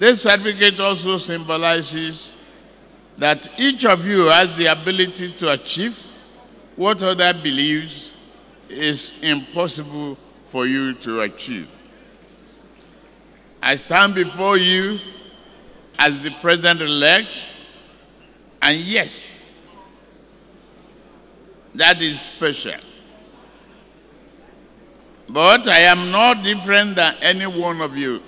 This certificate also symbolizes that each of you has the ability to achieve what other believes is impossible for you to achieve. I stand before you as the president-elect, and yes, that is special. But I am not different than any one of you.